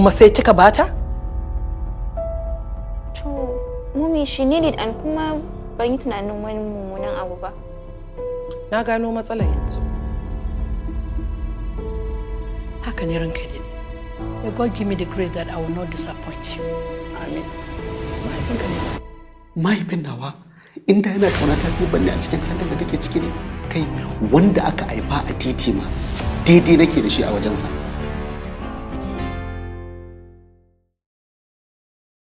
kuma sai kika bata? To, mummy she needed and kuma ban yi tunanin wani mummunan abu ba. Na gano matsalar yanzu. Haka ne ranka ne. May God give me the grace that I will not disappoint you. Amin. Mahaifin nawa inda yana ta zai banne a cikin halin da take cikin kai wanda aka haifa a titi ma daidai nake da shi a wajensa.